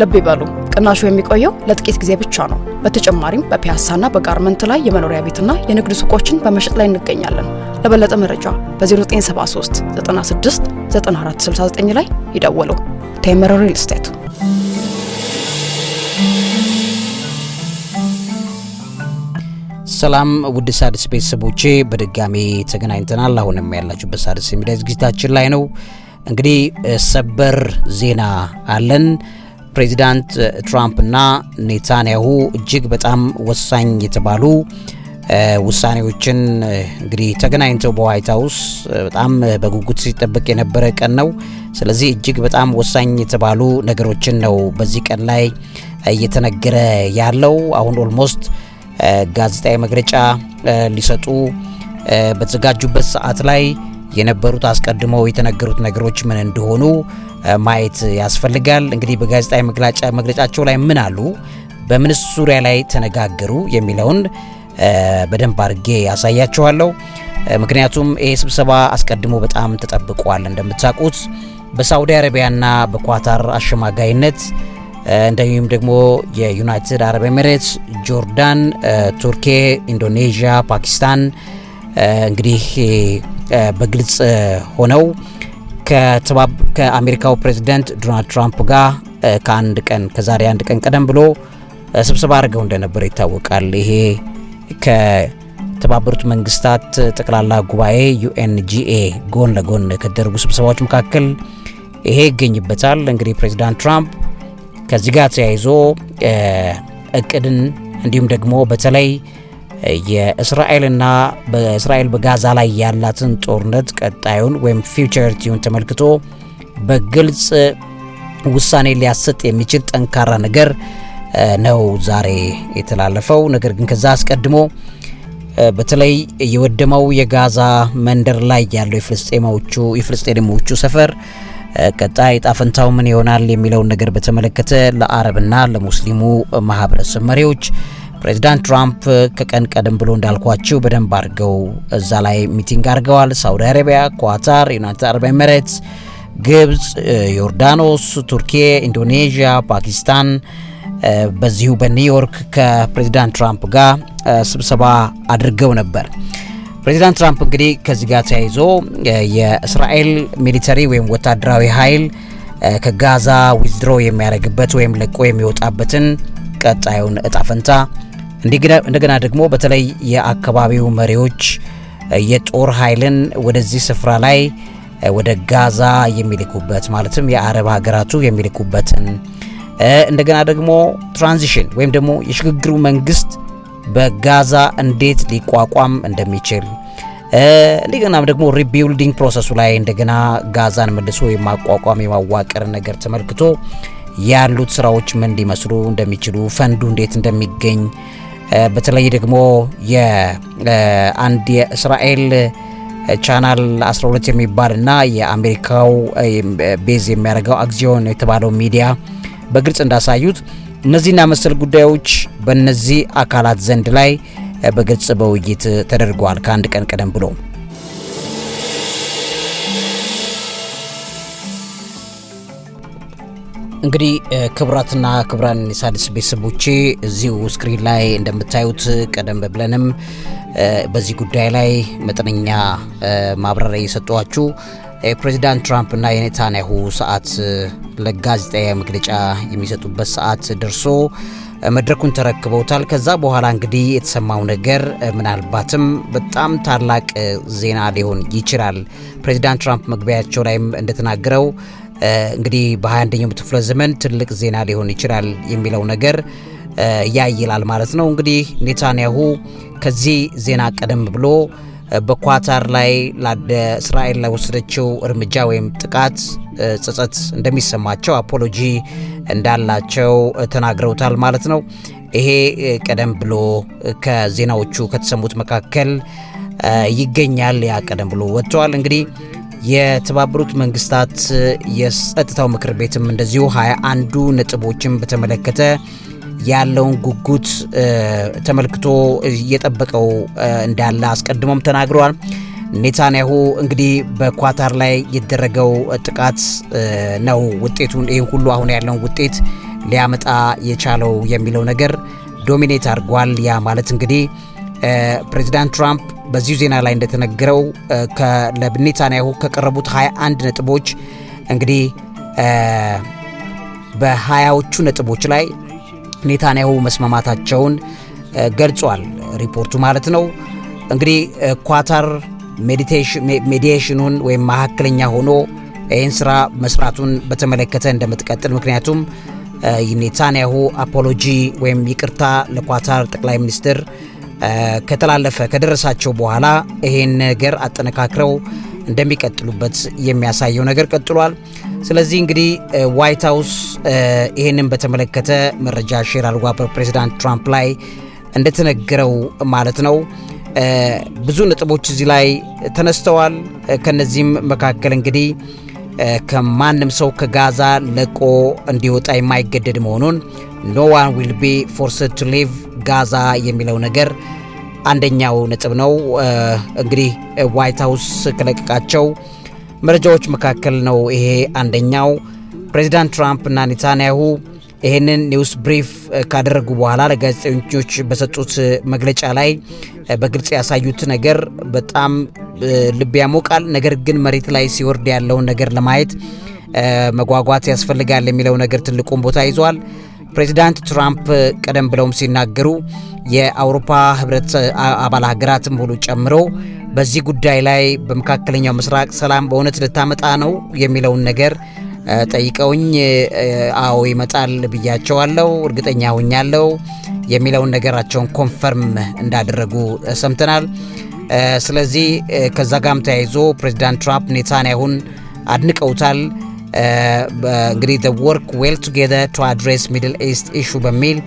ልብ ይበሉ ቅናሹ የሚቆየው ለጥቂት ጊዜ ብቻ ነው። በተጨማሪም በፒያሳና በጋርመንት ላይ የመኖሪያ ቤትና የንግድ ሱቆችን በመሸጥ ላይ እንገኛለን። ለበለጠ መረጃ በ0973 96 9469 ላይ ይደውሉ። ቴምር ሪል ስቴት ሰላም ውድ ሣድስ ቤተሰቦቼ በድጋሚ ተገናኝተናል። አሁንም ያላችሁበት ሣድስ ሚዲያ ዝግጅታችን ላይ ነው። እንግዲህ ሰበር ዜና አለን። ፕሬዚዳንት ትራምፕና ኔታንያሁ እጅግ በጣም ወሳኝ የተባሉ ውሳኔዎችን እንግዲህ ተገናኝተው በዋይት ሀውስ በጣም በጉጉት ሲጠበቅ የነበረ ቀን ነው። ስለዚህ እጅግ በጣም ወሳኝ የተባሉ ነገሮችን ነው በዚህ ቀን ላይ እየተነገረ ያለው። አሁን ኦልሞስት ጋዜጣዊ መግለጫ ሊሰጡ በተዘጋጁበት ሰዓት ላይ የነበሩት አስቀድመው የተነገሩት ነገሮች ምን እንደሆኑ ማየት ያስፈልጋል። እንግዲህ በጋዜጣዊ መግለጫቸው ላይ ምን አሉ፣ በምን ዙሪያ ላይ ተነጋገሩ የሚለውን በደንብ አድርጌ ያሳያችኋለሁ። ምክንያቱም ይህ ስብሰባ አስቀድሞ በጣም ተጠብቋል። እንደምታውቁት በሳውዲ አረቢያና በኳታር አሸማጋይነት እንደዚሁም ደግሞ የዩናይትድ አረብ ኤሚሬትስ፣ ጆርዳን፣ ቱርኬ፣ ኢንዶኔዥያ፣ ፓኪስታን እንግዲህ በግልጽ ሆነው ከአሜሪካው ፕሬዚደንት ዶናልድ ትራምፕ ጋር ከአንድ ቀን ከዛሬ አንድ ቀን ቀደም ብሎ ስብሰባ አድርገው እንደነበረ ይታወቃል። ይሄ ከተባበሩት መንግስታት ጠቅላላ ጉባኤ ዩኤንጂኤ ጎን ለጎን ከደረጉ ስብሰባዎች መካከል ይሄ ይገኝበታል። እንግዲህ ፕሬዚዳንት ትራምፕ ከዚህ ጋር ተያይዞ እቅድን እንዲሁም ደግሞ በተለይ የእስራኤልና በእስራኤል በጋዛ ላይ ያላትን ጦርነት ቀጣዩን ወይም ፊውቸርቲውን ተመልክቶ በግልጽ ውሳኔ ሊያሰጥ የሚችል ጠንካራ ነገር ነው ዛሬ የተላለፈው። ነገር ግን ከዛ አስቀድሞ በተለይ የወደመው የጋዛ መንደር ላይ ያለው የፍልስጤማዎቹ የፍልስጤሞቹ ሰፈር ቀጣይ ዕጣ ምን ይሆናል የሚለውን ነገር በተመለከተ ለአረብና ለሙስሊሙ ማህበረሰብ መሪዎች ፕሬዚዳንት ትራምፕ ከቀን ቀደም ብሎ እንዳልኳችሁ በደንብ አድርገው እዛ ላይ ሚቲንግ አድርገዋል። ሳውዲ አረቢያ፣ ኳታር፣ ዩናይትድ አረብ ኤምሬትስ፣ ግብፅ፣ ዮርዳኖስ፣ ቱርኪ፣ ኢንዶኔዥያ፣ ፓኪስታን በዚሁ በኒውዮርክ ከፕሬዚዳንት ትራምፕ ጋር ስብሰባ አድርገው ነበር። ፕሬዚዳንት ትራምፕ እንግዲህ ከዚህ ጋር ተያይዞ የእስራኤል ሚሊተሪ ወይም ወታደራዊ ኃይል ከጋዛ ዊዝድሮ የሚያደርግበት ወይም ለቆ የሚወጣበትን ቀጣዩን እጣ ፈንታ እንደገና ደግሞ በተለይ የአካባቢው መሪዎች የጦር ኃይልን ወደዚህ ስፍራ ላይ ወደ ጋዛ የሚልኩበት ማለትም የአረብ ሀገራቱ የሚልኩበትን እንደገና ደግሞ ትራንዚሽን ወይም ደግሞ የሽግግሩ መንግስት በጋዛ እንዴት ሊቋቋም እንደሚችል እንደገናም ደግሞ ሪቢልዲንግ ፕሮሰሱ ላይ እንደገና ጋዛን መልሶ የማቋቋም የማዋቀር ነገር ተመልክቶ ያሉት ስራዎች ምን ሊመስሉ እንደሚችሉ፣ ፈንዱ እንዴት እንደሚገኝ በተለይ ደግሞ የአንድ የእስራኤል ቻናል 12 የሚባል እና የአሜሪካው ቤዝ የሚያደርገው አግዚዮን የተባለው ሚዲያ በግልጽ እንዳሳዩት እነዚህና መሰል ጉዳዮች በእነዚህ አካላት ዘንድ ላይ በግልጽ በውይይት ተደርጓል ከአንድ ቀን ቀደም ብሎ እንግዲህ ክቡራትና ክቡራን የሣድስ ቤተሰቦቼ እዚሁ ስክሪን ላይ እንደምታዩት ቀደም ብለንም በዚህ ጉዳይ ላይ መጠነኛ ማብራሪያ የሰጠኋችሁ የፕሬዚዳንት እና የኔታንያሁ ሰዓት ለጋዜጣዊ መግለጫ የሚሰጡበት ሰዓት ደርሶ መድረኩን ተረክበውታል። ከዛ በኋላ እንግዲህ የተሰማው ነገር ምናልባትም በጣም ታላቅ ዜና ሊሆን ይችላል። ፕሬዚዳንት ትራምፕ መግቢያቸው ላይም እንደተናገረው እንግዲህ በ21ኛው ክፍለ ዘመን ትልቅ ዜና ሊሆን ይችላል የሚለው ነገር ያይላል ማለት ነው። እንግዲህ ኔታንያሁ ከዚህ ዜና ቀደም ብሎ በኳታር ላይ እስራኤል ላይ ወሰደችው እርምጃ ወይም ጥቃት ጸጸት እንደሚሰማቸው አፖሎጂ እንዳላቸው ተናግረውታል ማለት ነው። ይሄ ቀደም ብሎ ከዜናዎቹ ከተሰሙት መካከል ይገኛል። ያ ቀደም ብሎ ወጥተዋል እንግዲህ የተባበሩት መንግስታት የጸጥታው ምክር ቤትም እንደዚሁ ሀያ አንዱ ነጥቦችን በተመለከተ ያለውን ጉጉት ተመልክቶ እየጠበቀው እንዳለ አስቀድሞም ተናግረዋል። ኔታንያሁ እንግዲህ በኳታር ላይ የደረገው ጥቃት ነው ውጤቱን ይህ ሁሉ አሁን ያለውን ውጤት ሊያመጣ የቻለው የሚለው ነገር ዶሚኔት አድርጓል። ያ ማለት እንግዲህ ፕሬዚዳንት ትራምፕ በዚሁ ዜና ላይ እንደተነገረው ለኔታንያሁ ከቀረቡት 21 ነጥቦች እንግዲህ በሀያዎቹ ነጥቦች ላይ ኔታንያሁ መስማማታቸውን ገልጿል። ሪፖርቱ ማለት ነው። እንግዲህ ኳታር ሜዲሽኑን ወይም መካከለኛ ሆኖ ይህን ስራ መስራቱን በተመለከተ እንደምትቀጥል ምክንያቱም ኔታንያሁ አፖሎጂ ወይም ይቅርታ ለኳታር ጠቅላይ ሚኒስትር ከተላለፈ ከደረሳቸው በኋላ ይሄን ነገር አጠነካክረው እንደሚቀጥሉበት የሚያሳየው ነገር ቀጥሏል። ስለዚህ እንግዲህ ዋይት ሀውስ ይህንን በተመለከተ መረጃ ሼር አድርጓ በፕሬዚዳንት ትራምፕ ላይ እንደተነገረው ማለት ነው። ብዙ ነጥቦች እዚህ ላይ ተነስተዋል። ከነዚህም መካከል እንግዲህ ከማንም ሰው ከጋዛ ለቆ እንዲወጣ የማይገደድ መሆኑን ኖ ዋን ዊል ቢ ፎርስድ ቱ ሊቭ ጋዛ የሚለው ነገር አንደኛው ነጥብ ነው። እንግዲህ ዋይት ሀውስ ከለቀቃቸው መረጃዎች መካከል ነው ይሄ አንደኛው። ፕሬዚዳንት ትራምፕ እና ኔታንያሁ ይህንን ኒውስ ብሪፍ ካደረጉ በኋላ ለጋዜጠኞች በሰጡት መግለጫ ላይ በግልጽ ያሳዩት ነገር በጣም ልብ ያሞቃል። ነገር ግን መሬት ላይ ሲወርድ ያለውን ነገር ለማየት መጓጓት ያስፈልጋል የሚለው ነገር ትልቁን ቦታ ይዟል። ፕሬዚዳንት ትራምፕ ቀደም ብለውም ሲናገሩ የአውሮፓ ህብረት አባል ሀገራትም ሁሉ ጨምሮ በዚህ ጉዳይ ላይ በመካከለኛው ምስራቅ ሰላም በእውነት ልታመጣ ነው የሚለውን ነገር ጠይቀውኝ አዎ ይመጣል ብያቸዋለሁ፣ እርግጠኛ ሆኛለሁ የሚለውን ነገራቸውን ኮንፈርም እንዳደረጉ ሰምተናል። ስለዚህ ከዛ ጋም ተያይዞ ፕሬዚዳንት ትራምፕ ኔታንያሁን አድንቀውታል። እንግዲህ ዘ ወርክ ዌል ቱጌዘር ቱ አድሬስ ሚድል ኢስት ኢሹ በሚል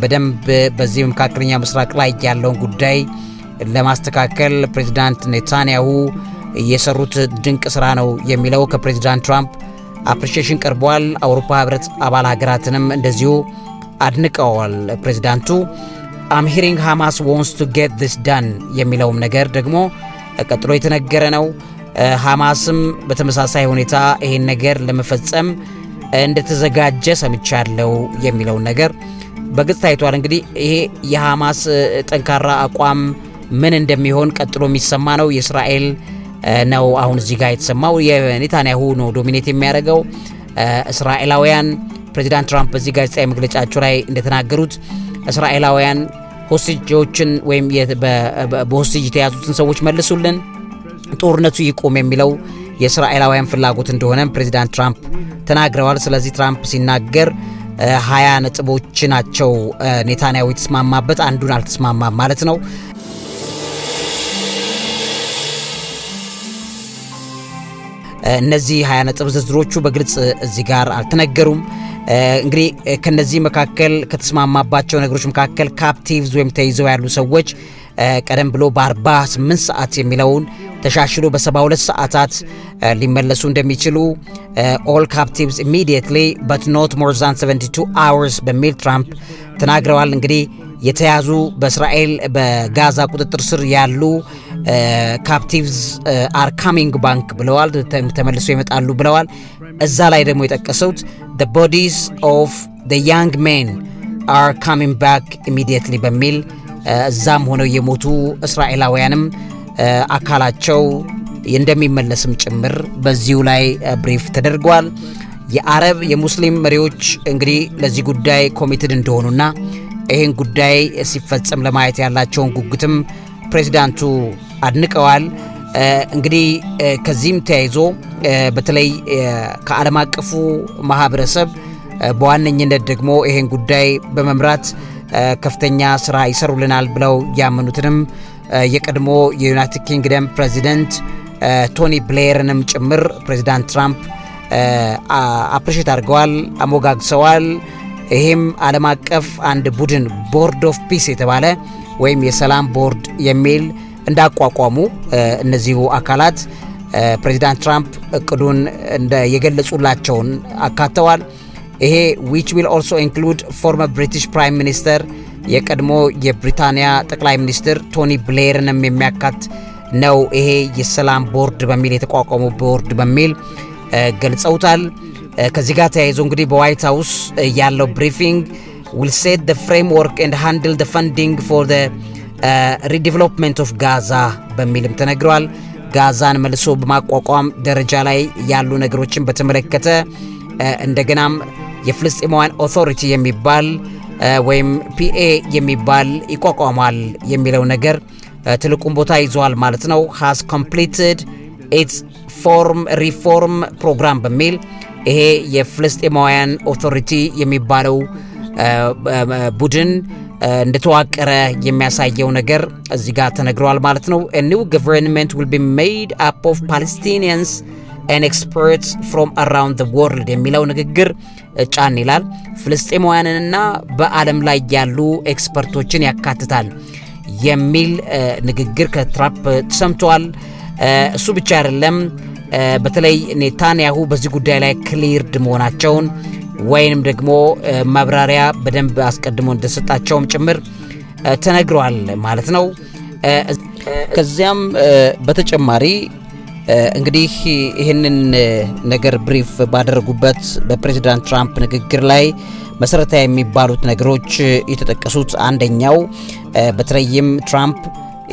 በደንብ በዚህ መካከለኛ ምስራቅ ላይ ያለውን ጉዳይ ለማስተካከል ፕሬዚዳንት ኔታንያሁ የሰሩት ድንቅ ስራ ነው የሚለው ከፕሬዚዳንት ትራምፕ አፕሪሺዬሽን ቀርቧል። አውሮፓ ህብረት አባል ሀገራትንም እንደዚሁ አድንቀዋል። ፕሬዚዳንቱ አም ሂሪንግ ሃማስ ወንስ ቱ ጌት ዚስ ዳን የሚለውም ነገር ደግሞ ቀጥሎ የተነገረ ነው። ሃማስም በተመሳሳይ ሁኔታ ይሄን ነገር ለመፈጸም እንደተዘጋጀ ሰምቻለው የሚለውን ነገር በግልጽ ታይቷል። እንግዲህ ይሄ የሃማስ ጠንካራ አቋም ምን እንደሚሆን ቀጥሎ የሚሰማ ነው። የእስራኤል ነው አሁን እዚህ ጋር የተሰማው። የኔታንያሁ ነው ዶሚኔት የሚያደርገው። እስራኤላውያን ፕሬዚዳንት ትራምፕ በዚህ ጋዜጣዊ መግለጫቸው ላይ እንደተናገሩት እስራኤላውያን ሆስቲጆችን ወይም በሆስጅ የተያዙትን ሰዎች መልሱልን፣ ጦርነቱ ይቆም የሚለው የእስራኤላውያን ፍላጎት እንደሆነ ፕሬዚዳንት ትራምፕ ተናግረዋል። ስለዚህ ትራምፕ ሲናገር ሀያ ነጥቦች ናቸው ኔታንያሁ የተስማማበት፣ አንዱን አልተስማማም ማለት ነው። እነዚህ 20 ነጥብ ዝርዝሮቹ በግልጽ እዚህ ጋር አልተነገሩም። እንግዲህ ከነዚህ መካከል ከተስማማባቸው ነገሮች መካከል ካፕቲቭዝ ወይም ተይዘው ያሉ ሰዎች ቀደም ብሎ በ48 ሰዓት የሚለውን ተሻሽሎ በ72 ሰዓታት ሊመለሱ እንደሚችሉ ኦል ካፕቲቭስ ኢሚዲየትሊ በት ኖት ሞር ዛን 72 አወርስ በሚል ትራምፕ ተናግረዋል። እንግዲህ የተያዙ በእስራኤል በጋዛ ቁጥጥር ስር ያሉ ካፕቲቭዝ አር ካሚንግ ባንክ ብለዋል። ተመልሶ ይመጣሉ ብለዋል። እዛ ላይ ደግሞ የጠቀሰውት the bodies of the young men are coming back immediately በሚል እዛም ሆነው የሞቱ እስራኤላውያንም አካላቸው እንደሚመለስም ጭምር በዚሁ ላይ ብሪፍ ተደርጓል። የአረብ የሙስሊም መሪዎች እንግዲህ ለዚህ ጉዳይ ኮሚትድ እንደሆኑና ይህን ጉዳይ ሲፈጸም ለማየት ያላቸውን ጉጉትም ፕሬዚዳንቱ አድንቀዋል። እንግዲህ ከዚህም ተያይዞ በተለይ ከዓለም አቀፉ ማህበረሰብ በዋነኝነት ደግሞ ይህን ጉዳይ በመምራት ከፍተኛ ስራ ይሰሩልናል ብለው ያመኑትንም የቀድሞ የዩናይትድ ኪንግደም ፕሬዚደንት ቶኒ ብሌርንም ጭምር ፕሬዚዳንት ትራምፕ አፕሪሼት አድርገዋል፣ አሞጋግሰዋል። ይሄም ዓለም አቀፍ አንድ ቡድን ቦርድ ኦፍ ፒስ የተባለ ወይም የሰላም ቦርድ የሚል እንዳቋቋሙ እነዚሁ አካላት ፕሬዚዳንት ትራምፕ እቅዱን የገለጹላቸውን አካተዋል። ይሄ ዊች ዊል ኦልሶ ኢንክሉድ ፎርመር ብሪቲሽ ፕራይም ሚኒስተር የቀድሞ የብሪታንያ ጠቅላይ ሚኒስትር ቶኒ ብሌርንም የሚያካት ነው። ይሄ የሰላም ቦርድ በሚል የተቋቋሙ ቦርድ በሚል ገልጸውታል። Uh, ከዚህ ጋር ተያይዞ እንግዲህ በዋይት ሀውስ uh, ያለው ብሪፊንግ ዊል ሴት ደ ፍሬምወርክ ኤንድ ሃንድል ደ ፈንዲንግ ፎር ደ ሪዲቨሎፕመንት ኦፍ ጋዛ በሚልም ተነግረዋል። ጋዛን መልሶ በማቋቋም ደረጃ ላይ ያሉ ነገሮችን በተመለከተ uh, እንደገናም የፍልስጤማውያን ኦቶሪቲ የሚባል ወይም ፒኤ የሚባል ይቋቋማል የሚለው ነገር ትልቁን ቦታ ይዘዋል ማለት ነው። ሃስ ኮምፕሊትድ ኢትስ ፎርም ሪፎርም ፕሮግራም በሚል ይሄ የፍልስጤማውያን ኦቶሪቲ የሚባለው ቡድን እንደተዋቀረ የሚያሳየው ነገር እዚህ ጋር ተነግሯል ማለት ነው። ኒው ገቨርንመንት ዊል ቢ ሜድ አፕ ኦፍ ፓለስቲኒያንስ ኤን ኤክስፐርትስ ፍሮም አራውንድ ዘ ወርልድ የሚለው ንግግር ጫን ይላል። ፍልስጤማውያንንና በዓለም ላይ ያሉ ኤክስፐርቶችን ያካትታል የሚል ንግግር ከትራምፕ ተሰምተዋል። እሱ ብቻ አይደለም። በተለይ ኔታንያሁ በዚህ ጉዳይ ላይ ክሊርድ መሆናቸውን ወይንም ደግሞ ማብራሪያ በደንብ አስቀድሞ እንደሰጣቸውም ጭምር ተነግረዋል ማለት ነው። ከዚያም በተጨማሪ እንግዲህ ይህንን ነገር ብሪፍ ባደረጉበት በፕሬዚዳንት ትራምፕ ንግግር ላይ መሰረታዊ የሚባሉት ነገሮች የተጠቀሱት አንደኛው በተለይም ትራምፕ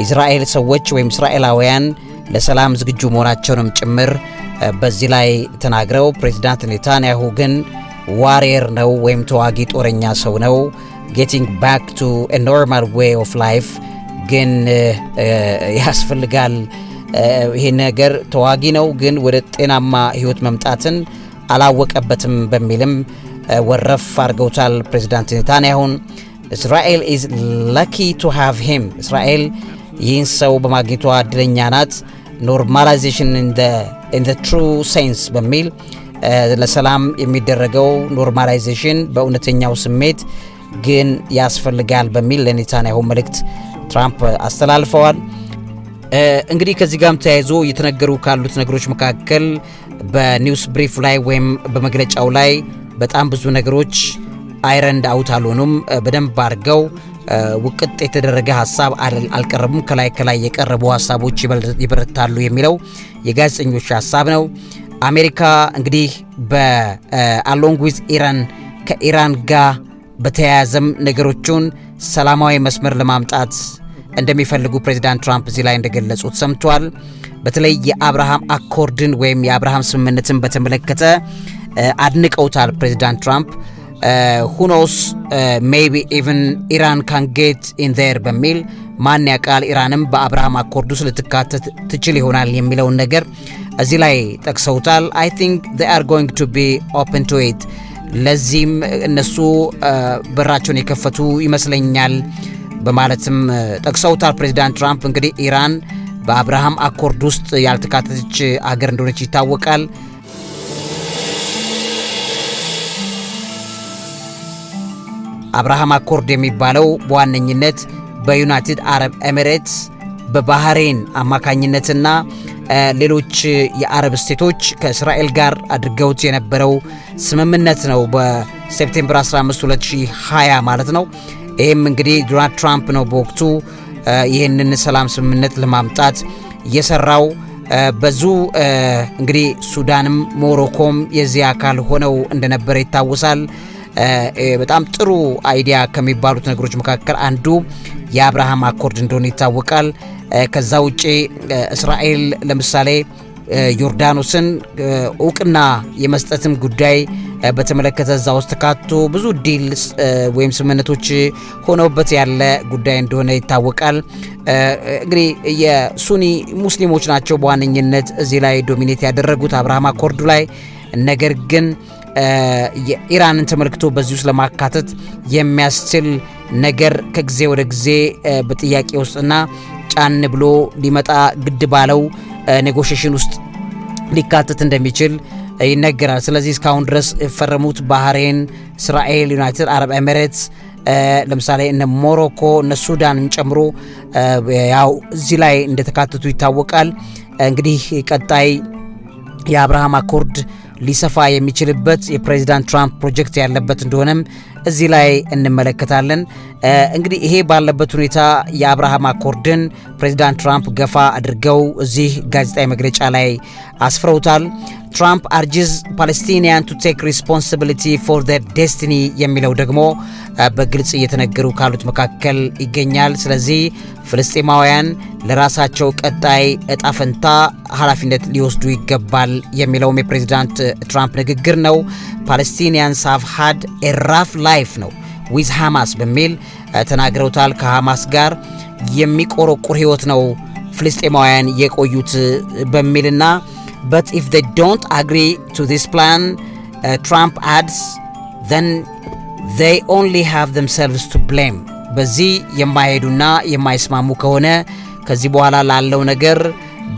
እስራኤል ሰዎች ወይም እስራኤላውያን ለሰላም ዝግጁ መሆናቸውንም ጭምር በዚህ ላይ ተናግረው ፕሬዚዳንት ኔታንያሁ ግን ዋሪየር ነው ወይም ተዋጊ ጦረኛ ሰው ነው ጌቲንግ ባክ ቱ ኖርማል ዌይ ኦፍ ላይፍ ግን ያስፈልጋል ይህ ነገር ተዋጊ ነው ግን ወደ ጤናማ ህይወት መምጣትን አላወቀበትም በሚልም ወረፍ አድርገውታል ፕሬዚዳንት ኔታንያሁን። እስራኤል ኢዝ ላኪ ቱ ሃቭ ሂም፣ እስራኤል ይህን ሰው በማግኘቷ እድለኛ ናት። ኖርማላይዜሽን ኢን ትሩ ሴንስ በሚል uh, ለሰላም የሚደረገው ኖርማላይዜሽን በእውነተኛው ስሜት ግን ያስፈልጋል በሚል ለኔታንያሁ መልእክት ትራምፕ አስተላልፈዋል። uh, እንግዲህ ከዚህ ጋርም ተያይዞ እየተነገሩ ካሉት ነገሮች መካከል በኒውስ ብሪፍ ላይ ወይም በመግለጫው ላይ በጣም ብዙ ነገሮች አይረንድ አውት አልሆኑም። uh, በደንብ አድርገው ውቅጥ የተደረገ ሀሳብ አልቀረቡም። ከላይ ከላይ የቀረቡ ሀሳቦች ይበረታሉ የሚለው የጋዜጠኞች ሀሳብ ነው። አሜሪካ እንግዲህ በአሎንግ ዊዝ ኢራን ከኢራን ጋር በተያያዘም ነገሮቹን ሰላማዊ መስመር ለማምጣት እንደሚፈልጉ ፕሬዚዳንት ትራምፕ እዚህ ላይ እንደገለጹት ሰምቷል። በተለይ የአብርሃም አኮርድን ወይም የአብርሃም ስምምነትን በተመለከተ አድንቀውታል ፕሬዚዳንት ትራምፕ ሁኖስ ሜይቢ ኢቨን ኢራን ካን ጌት ኢን ዜር በሚል ማን ያውቃል፣ ኢራንም በአብርሃም አኮርድ ውስጥ ልትካተት ትችል ይሆናል የሚለውን ነገር እዚህ ላይ ጠቅሰውታል። አይ ቲንክ ዜይ አር ጎይንግ ቱ ቢ ኦፕን ቱ ኢት። ለዚህም እነሱ uh, በራቸውን የከፈቱ ይመስለኛል በማለትም uh, ጠቅሰውታል። ፕሬዚዳንት ትራምፕ እንግዲህ ኢራን በአብርሃም አኮርድ ውስጥ ያልተካተተች አገር እንደሆነች ይታወቃል። አብርሃም አኮርድ የሚባለው በዋነኝነት በዩናይትድ አረብ ኤሚሬትስ በባህሬን አማካኝነትና ሌሎች የአረብ ስቴቶች ከእስራኤል ጋር አድርገውት የነበረው ስምምነት ነው። በሴፕቴምበር 15 2020 ማለት ነው። ይህም እንግዲህ ዶናልድ ትራምፕ ነው በወቅቱ ይህንን ሰላም ስምምነት ለማምጣት የሰራው። በዙ እንግዲህ ሱዳንም ሞሮኮም የዚህ አካል ሆነው እንደነበረ ይታወሳል። በጣም ጥሩ አይዲያ ከሚባሉት ነገሮች መካከል አንዱ የአብርሃም አኮርድ እንደሆነ ይታወቃል። ከዛ ውጪ እስራኤል ለምሳሌ ዮርዳኖስን እውቅና የመስጠትም ጉዳይ በተመለከተ እዛ ውስጥ ተካቶ ብዙ ዲል ወይም ስምምነቶች ሆነውበት ያለ ጉዳይ እንደሆነ ይታወቃል። እንግዲህ የሱኒ ሙስሊሞች ናቸው በዋነኝነት እዚህ ላይ ዶሚኔት ያደረጉት አብርሃም አኮርዱ ላይ ነገር ግን ኢራንን ተመልክቶ በዚህ ውስጥ ለማካተት የሚያስችል ነገር ከጊዜ ወደ ጊዜ በጥያቄ ውስጥና ጫን ብሎ ሊመጣ ግድ ባለው ኔጎሽሽን ውስጥ ሊካተት እንደሚችል ይነገራል። ስለዚህ እስካሁን ድረስ የፈረሙት ባህሬን፣ እስራኤል፣ ዩናይትድ አረብ ኤሚሬትስ ለምሳሌ እነ ሞሮኮ እነ ሱዳንን ጨምሮ ያው እዚህ ላይ እንደተካተቱ ይታወቃል። እንግዲህ ቀጣይ የአብርሃም አኮርድ ሊሰፋ የሚችልበት የፕሬዚዳንት ትራምፕ ፕሮጀክት ያለበት እንደሆነም እዚህ ላይ እንመለከታለን። እንግዲህ ይሄ ባለበት ሁኔታ የአብርሃም አኮርድን ፕሬዚዳንት ትራምፕ ገፋ አድርገው እዚህ ጋዜጣዊ መግለጫ ላይ አስፍረውታል። ትራምፕ አርጅዝ ፓለስቲኒያን ቱ ቴክ ሪስፖንሲቢሊቲ ፎር ዘር ዴስቲኒ የሚለው ደግሞ በግልጽ እየተነገሩ ካሉት መካከል ይገኛል። ስለዚህ ፍልስጤማውያን ለራሳቸው ቀጣይ እጣፈንታ ኃላፊነት ሊወስዱ ይገባል የሚለውም የፕሬዚዳንት ትራምፕ ንግግር ነው። ፓለስቲኒያንስ ሃቭ ሃድ ኤ ራፍ ላይፍ ነው ዊዝ ሃማስ በሚል ተናግረውታል። ከሃማስ ጋር የሚቆረቁር ህይወት ነው ፍልስጤማውያን የቆዩት በሚልና በት ኢፍ ዘ ዶንት አግሪ ቱ ዚስ ፕላን ትራምፕ አድስ ዘን ዜይ ኦንሊ ሃቭ ዘምሰልቭስ ቱ ብሌም። በዚህ የማይሄዱና የማይስማሙ ከሆነ ከዚህ በኋላ ላለው ነገር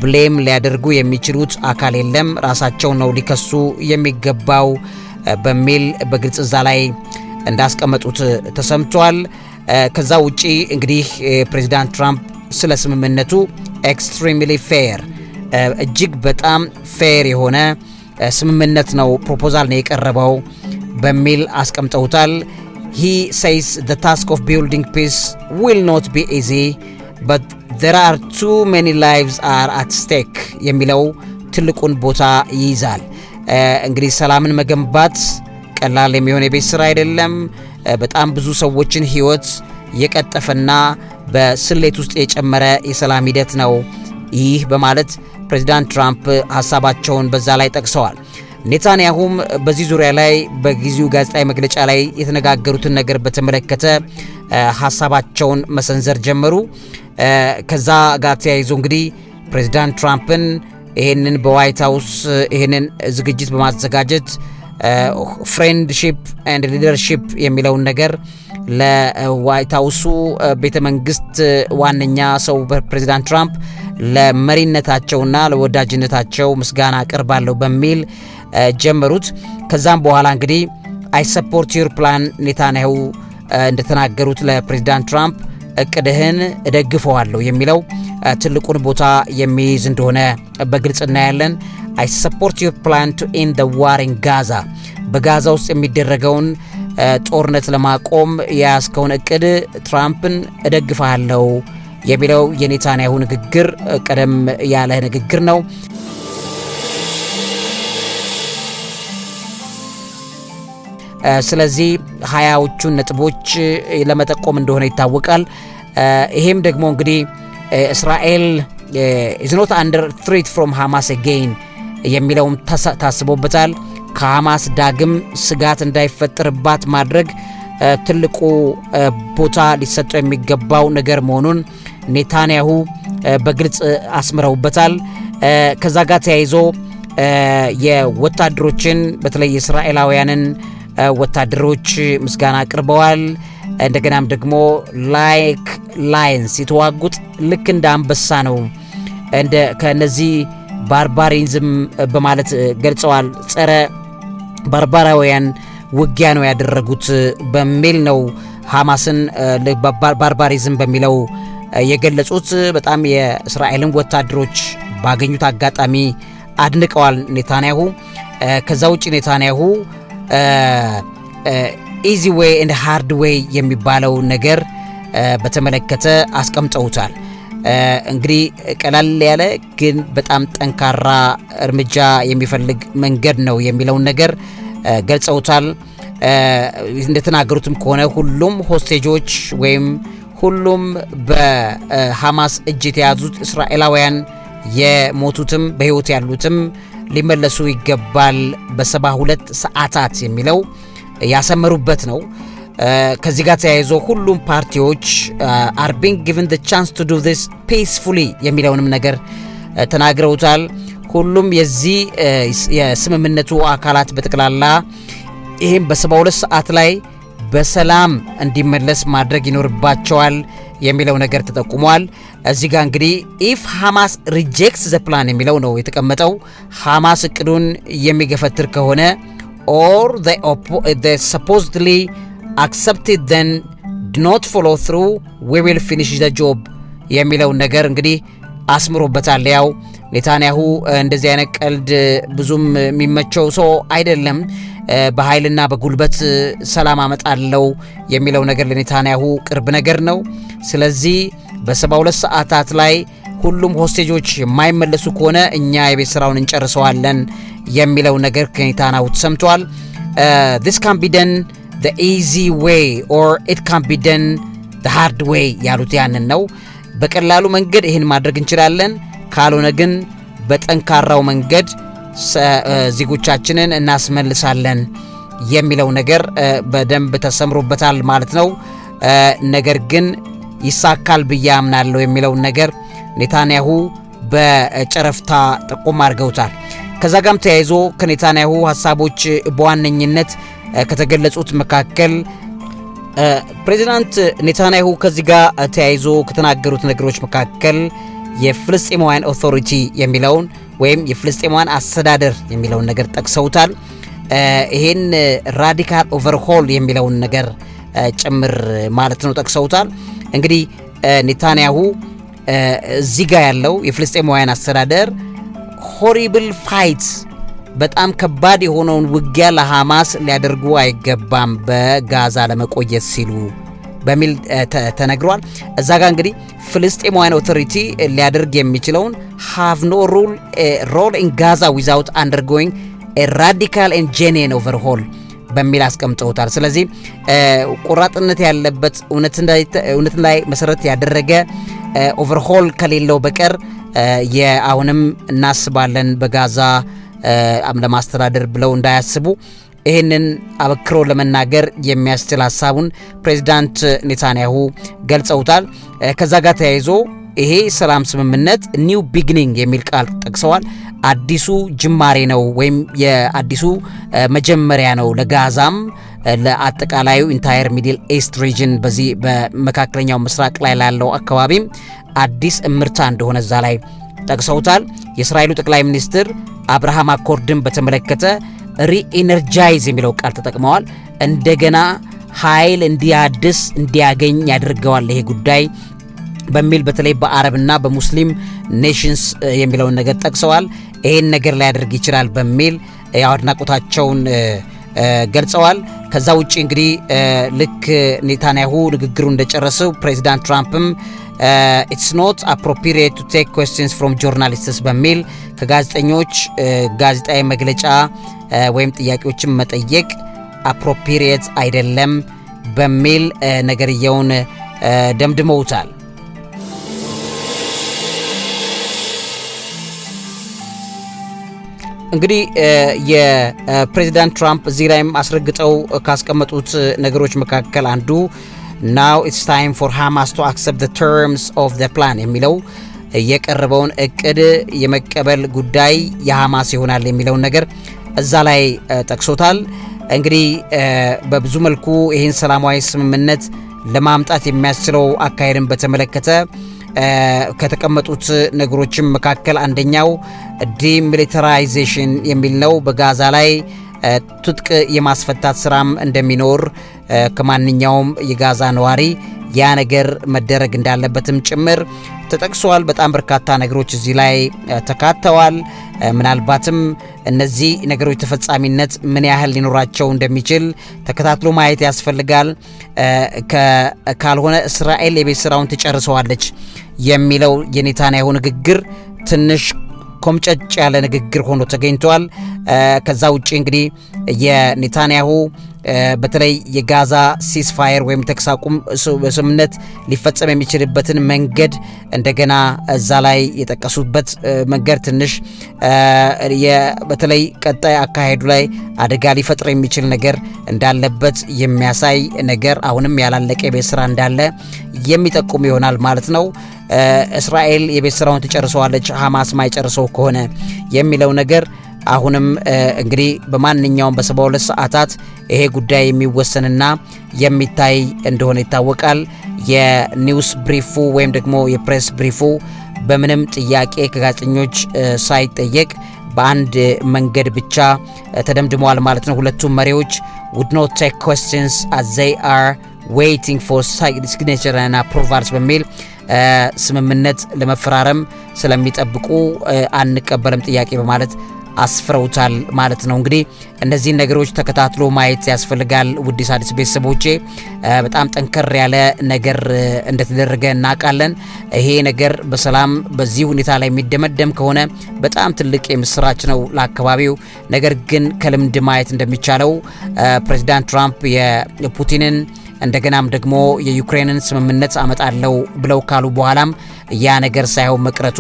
ብሌም ሊያደርጉ የሚችሉት አካል የለም፣ ራሳቸው ነው ሊከሱ የሚገባው በሚል በግልጽ እዛ ላይ እንዳስቀመጡት ተሰምቷል። ከዛ ውጪ እንግዲህ ፕሬዚዳንት ትራምፕ ስለ ስምምነቱ ኤክስትሪምሊ ፌር እጅግ በጣም ፌር የሆነ ስምምነት ነው ፕሮፖዛል ነው የቀረበው በሚል አስቀምጠውታል። ሂ ሴይስ ዘ ታስክ ኦፍ ቢልዲንግ ፒስ ዊል ኖት ቢ ኢዚ በት ዘር አር ቱ ሜኒ ላይቭስ አር አት ስቴክ የሚለው ትልቁን ቦታ ይይዛል። እንግዲህ ሰላምን መገንባት ቀላል የሚሆን የቤት ስራ አይደለም። በጣም ብዙ ሰዎችን ህይወት የቀጠፈና በስሌት ውስጥ የጨመረ የሰላም ሂደት ነው። ይህ በማለት ፕሬዚዳንት ትራምፕ ሀሳባቸውን በዛ ላይ ጠቅሰዋል። ኔታንያሁም በዚህ ዙሪያ ላይ በጊዜው ጋዜጣዊ መግለጫ ላይ የተነጋገሩትን ነገር በተመለከተ ሀሳባቸውን መሰንዘር ጀመሩ። ከዛ ጋር ተያይዞ እንግዲህ ፕሬዚዳንት ትራምፕን ይህንን በዋይት ሀውስ ይህንን ዝግጅት በማዘጋጀት ፍሬንድሺፕ ኤንድ ሊደርሺፕ የሚለውን ነገር ለዋይት ሀውሱ uh, ቤተ መንግስት uh, ዋነኛ ሰው ፕሬዚዳንት ትራምፕ ለመሪነታቸውና ለወዳጅነታቸው ምስጋና አቀርባለሁ በሚል uh, ጀመሩት። ከዛም በኋላ እንግዲህ አይ ሰፖርት ዩር ፕላን ኔታንያሁ እንደተናገሩት ለፕሬዚዳንት ትራምፕ እቅድህን እደግፈዋለሁ የሚለው ትልቁን ቦታ የሚይዝ እንደሆነ በግልጽ እናያለን። አይ ሰፖርት ዩር ፕላን ቱ ኤንድ ዘ ዋር ኢን ጋዛ በጋዛ ውስጥ የሚደረገውን ጦርነት ለማቆም የያዝከውን እቅድ ትራምፕን እደግፋለሁ የሚለው የኔታንያሁ ንግግር ቀደም ያለ ንግግር ነው። ስለዚህ ሀያዎቹን ነጥቦች ለመጠቆም እንደሆነ ይታወቃል። ይሄም ደግሞ እንግዲህ እስራኤል ኢዝ ኖት አንደር ትሬት ፍሮም ሃማስ አጌን የሚለውም ታስቦበታል። ከሐማስ ዳግም ስጋት እንዳይፈጠርባት ማድረግ ትልቁ ቦታ ሊሰጠው የሚገባው ነገር መሆኑን ኔታንያሁ በግልጽ አስምረውበታል። ከዛ ጋር ተያይዞ የወታደሮችን በተለይ የእስራኤላውያንን ወታደሮች ምስጋና አቅርበዋል። እንደገናም ደግሞ ላይክ ላይንስ የተዋጉት ልክ እንደ አንበሳ ነው እንደ ከነዚህ ባርባሪዝም በማለት ገልጸዋል። ጸረ ባርባራውያን ውጊያ ነው ያደረጉት በሚል ነው ሐማስን ባርባሪዝም በሚለው የገለጹት። በጣም የእስራኤልን ወታደሮች ባገኙት አጋጣሚ አድንቀዋል ኔታንያሁ። ከዛ ውጭ ኔታንያሁ ኢዚ ዌይ እንድ ሃርድ ዌይ የሚባለው ነገር በተመለከተ አስቀምጠውታል። እንግዲህ ቀላል ያለ ግን በጣም ጠንካራ እርምጃ የሚፈልግ መንገድ ነው የሚለውን ነገር ገልጸውታል። እንደተናገሩትም ከሆነ ሁሉም ሆስቴጆች ወይም ሁሉም በሐማስ እጅ የተያዙት እስራኤላውያን የሞቱትም በሕይወት ያሉትም ሊመለሱ ይገባል በሰባ ሁለት ሰዓታት የሚለው ያሰመሩበት ነው። ከዚህ ጋር ተያይዞ ሁሉም ፓርቲዎች አር ቢንግ ጊቨን ዘ ቻንስ ቱ ዱ ዚስ ፒስፉሊ የሚለውንም ነገር ተናግረውታል። ሁሉም የዚህ የስምምነቱ አካላት በጠቅላላ ይህም በሰባ ሁለት ሰዓት ላይ በሰላም እንዲመለስ ማድረግ ይኖርባቸዋል የሚለው ነገር ተጠቁሟል። እዚህ ጋር እንግዲህ ኢፍ ሃማስ ሪጀክትስ ዘ ፕላን የሚለው ነው የተቀመጠው። ሃማስ እቅዱን የሚገፈትር ከሆነ ኦር ሰፖዝድሊ አክሰፕት ዘን ኖት ፎሎ ትሩ ዊ ዊል ፊኒሽ ዘ ጆብ የሚለውን ነገር እንግዲህ አስምሮበታል። ያው ኔታንያሁ እንደዚህ አይነት ቀልድ ብዙም የሚመቸው ሰው አይደለም። በኃይልና በጉልበት ሰላም አመጣለው የሚለው ነገር ለኔታንያሁ ቅርብ ነገር ነው። ስለዚህ በሰባ ሁለት ሰዓታት ላይ ሁሉም ሆስቴጆች የማይመለሱ ከሆነ እኛ የቤት ስራውን እንጨርሰዋለን የሚለው ነገር ከኔታንያሁ ተሰምቷል። ዲስ ካን ቢ ደን ኢዚ ዌይ ኦር ኢት ካን ቢ ደን ሃርድ ዌይ ያሉት ያንን ነው። በቀላሉ መንገድ ይህን ማድረግ እንችላለን፣ ካልሆነ ግን በጠንካራው መንገድ ዜጎቻችንን እናስመልሳለን የሚለው ነገር በደንብ ተሰምሮበታል ማለት ነው። ነገር ግን ይሳካል ብዬ አምናለሁ የሚለውን ነገር ኔታንያሁ በጨረፍታ ጥቁም አድርገውታል። ከዛ ጋም ተያይዞ ከኔታንያሁ ሀሳቦች በዋነኝነት ከተገለጹት መካከል ፕሬዚዳንት ኔታንያሁ ከዚህ ጋር ተያይዞ ከተናገሩት ነገሮች መካከል የፍልስጤማውያን ኦቶሪቲ የሚለውን ወይም የፍልስጤማውያን አስተዳደር የሚለውን ነገር ጠቅሰውታል። ይሄን ራዲካል ኦቨርሆል የሚለውን ነገር ጭምር ማለት ነው ጠቅሰውታል። እንግዲህ ኔታንያሁ እዚህ ጋር ያለው የፍልስጤማውያን አስተዳደር ሆሪብል ፋይት በጣም ከባድ የሆነውን ውጊያ ለሐማስ ሊያደርጉ አይገባም በጋዛ ለመቆየት ሲሉ በሚል ተነግሯል። እዛ ጋ እንግዲህ ፍልስጤማውያን ኦቶሪቲ ሊያደርግ የሚችለውን ሃቭ ኖ ሩል ሮል ኢን ጋዛ ዊዛውት አንደርጎይንግ ራዲካል ኤን ጄኔን ኦቨርሆል በሚል አስቀምጠውታል። ስለዚህ eh, ቆራጥነት ያለበት እውነትን ላይ መሰረት ያደረገ ኦቨርሆል eh, ከሌለው በቀር eh, የአሁንም እናስባለን በጋዛ ለማስተዳደር ብለው እንዳያስቡ ይህንን አበክሮ ለመናገር የሚያስችል ሀሳቡን ፕሬዚዳንት ኔታንያሁ ገልጸውታል። ከዛ ጋር ተያይዞ ይሄ ሰላም ስምምነት ኒው ቢግኒንግ የሚል ቃል ጠቅሰዋል። አዲሱ ጅማሬ ነው ወይም የአዲሱ መጀመሪያ ነው ለጋዛም ለአጠቃላዩ ኢንታየር ሚድል ኤስት ሪጅን በዚህ በመካከለኛው ምስራቅ ላይ ላለው አካባቢም አዲስ እምርታ እንደሆነ እዛ ላይ ጠቅሰውታል። የእስራኤሉ ጠቅላይ ሚኒስትር አብርሃም አኮርድን በተመለከተ ሪኢነርጃይዝ የሚለው ቃል ተጠቅመዋል። እንደገና ኃይል እንዲያድስ እንዲያገኝ ያደርገዋል ይሄ ጉዳይ በሚል በተለይ በአረብና በሙስሊም ኔሽንስ የሚለውን ነገር ጠቅሰዋል። ይህን ነገር ሊያደርግ ይችላል በሚል አድናቆታቸውን ገልጸዋል። ከዛ ውጭ እንግዲህ ልክ ኔታንያሁ ንግግሩ እንደጨረሰው ፕሬዚዳንት ትራምፕም ኢትስ ኖት አፕሮፕሪየት ቱ ቴክ ኩዌስችንስ ፍሮም ጆርናሊስትስ በሚል ከጋዜጠኞች uh, ጋዜጣዊ መግለጫ uh, ወይም ጥያቄዎችን መጠየቅ አፕሮፕሪየት አይደለም በሚል uh, ነገርየውን ደምድመውታል። እንግዲህ የፕሬዚዳንት ትራምፕ እዚህ ላይም አስረግጠው ካስቀመጡት ነገሮች መካከል አንዱ ናው ኢትስ ታይም ፎር ሃማስ ቱ አክሰፕት ዘ ተርምስ ኦፍ ዘ ፕላን የሚለው የቀረበውን እቅድ የመቀበል ጉዳይ የሃማስ ይሆናል የሚለውን ነገር እዛ ላይ ጠቅሶታል። እንግዲህ በብዙ መልኩ ይህን ሰላማዊ ስምምነት ለማምጣት የሚያስችለው አካሄድን በተመለከተ ከተቀመጡት ነገሮችም መካከል አንደኛው ዲሚሊታራይዜሽን የሚል ነው። በጋዛ ላይ ትጥቅ የማስፈታት ስራም እንደሚኖር ከማንኛውም የጋዛ ነዋሪ ያ ነገር መደረግ እንዳለበትም ጭምር ተጠቅሷል። በጣም በርካታ ነገሮች እዚህ ላይ ተካተዋል። ምናልባትም እነዚህ ነገሮች ተፈጻሚነት ምን ያህል ሊኖራቸው እንደሚችል ተከታትሎ ማየት ያስፈልጋል። ካልሆነ እስራኤል የቤት ስራውን ትጨርሰዋለች የሚለው የኔታንያሁ ንግግር ትንሽ ኮምጨጭ ያለ ንግግር ሆኖ ተገኝተዋል። ከዛ ውጭ እንግዲህ የኔታንያሁ በተለይ የጋዛ ሲስፋየር ወይም ተኩስ አቁም ስምምነት ሊፈጸም የሚችልበትን መንገድ እንደገና እዛ ላይ የጠቀሱበት መንገድ ትንሽ በተለይ ቀጣይ አካሄዱ ላይ አደጋ ሊፈጥር የሚችል ነገር እንዳለበት የሚያሳይ ነገር አሁንም ያላለቀ የቤት ስራ እንዳለ የሚጠቁም ይሆናል ማለት ነው። እስራኤል የቤት ስራውን ትጨርሰዋለች ሀማስ ማይጨርሰው ከሆነ የሚለው ነገር አሁንም እንግዲህ በማንኛውም በሰባ ሁለት ሰዓታት ይሄ ጉዳይ የሚወሰንና የሚታይ እንደሆነ ይታወቃል። የኒውስ ብሪፉ ወይም ደግሞ የፕሬስ ብሪፉ በምንም ጥያቄ ከጋዜጠኞች ሳይጠየቅ በአንድ መንገድ ብቻ ተደምድመዋል ማለት ነው። ሁለቱም መሪዎች ውድ ኖት ቴክ ኮስቲንስ አዝ ዘይ አር ዌይቲንግ ፎር ሲግኔቸር ና አፕሮቫልስ በሚል ስምምነት ለመፈራረም ስለሚጠብቁ አንቀበልም ጥያቄ በማለት አስፍረውታል ማለት ነው። እንግዲህ እነዚህን ነገሮች ተከታትሎ ማየት ያስፈልጋል። ውድ ሣድስ ቤተሰቦቼ በጣም ጠንከር ያለ ነገር እንደተደረገ እናውቃለን። ይሄ ነገር በሰላም በዚህ ሁኔታ ላይ የሚደመደም ከሆነ በጣም ትልቅ የምስራች ነው ለአካባቢው። ነገር ግን ከልምድ ማየት እንደሚቻለው ፕሬዚዳንት ትራምፕ የፑቲንን እንደገናም ደግሞ የዩክሬንን ስምምነት አመጣለው ብለው ካሉ በኋላም ያ ነገር ሳይሆን መቅረቱ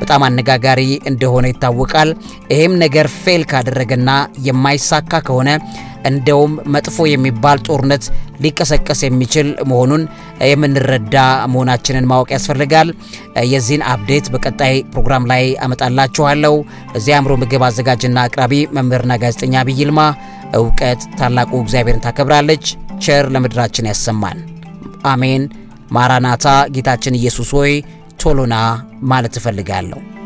በጣም አነጋጋሪ እንደሆነ ይታወቃል። ይህም ነገር ፌል ካደረገና የማይሳካ ከሆነ እንደውም መጥፎ የሚባል ጦርነት ሊቀሰቀስ የሚችል መሆኑን የምንረዳ መሆናችንን ማወቅ ያስፈልጋል። የዚህን አፕዴት በቀጣይ ፕሮግራም ላይ አመጣላችኋለሁ። እዚህ አእምሮ ምግብ አዘጋጅና አቅራቢ መምህርና ጋዜጠኛ ዐቢይ ይልማ። እውቀት ታላቁ እግዚአብሔርን ታከብራለች። ቸር ለምድራችን ያሰማን። አሜን። ማራናታ ጌታችን ኢየሱስ ሆይ ቶሎና ማለት እፈልጋለሁ።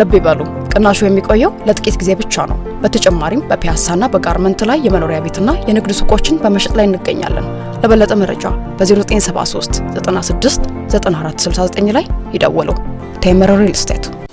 ልብ ይበሉ ቅናሹ የሚቆየው ለጥቂት ጊዜ ብቻ ነው። በተጨማሪም በፒያሳና በጋርመንት ላይ የመኖሪያ ቤትና የንግድ ሱቆችን በመሸጥ ላይ እንገኛለን። ለበለጠ መረጃ በ0973 96 ላይ ይደውሉ። ቴምር ሪል ስቴት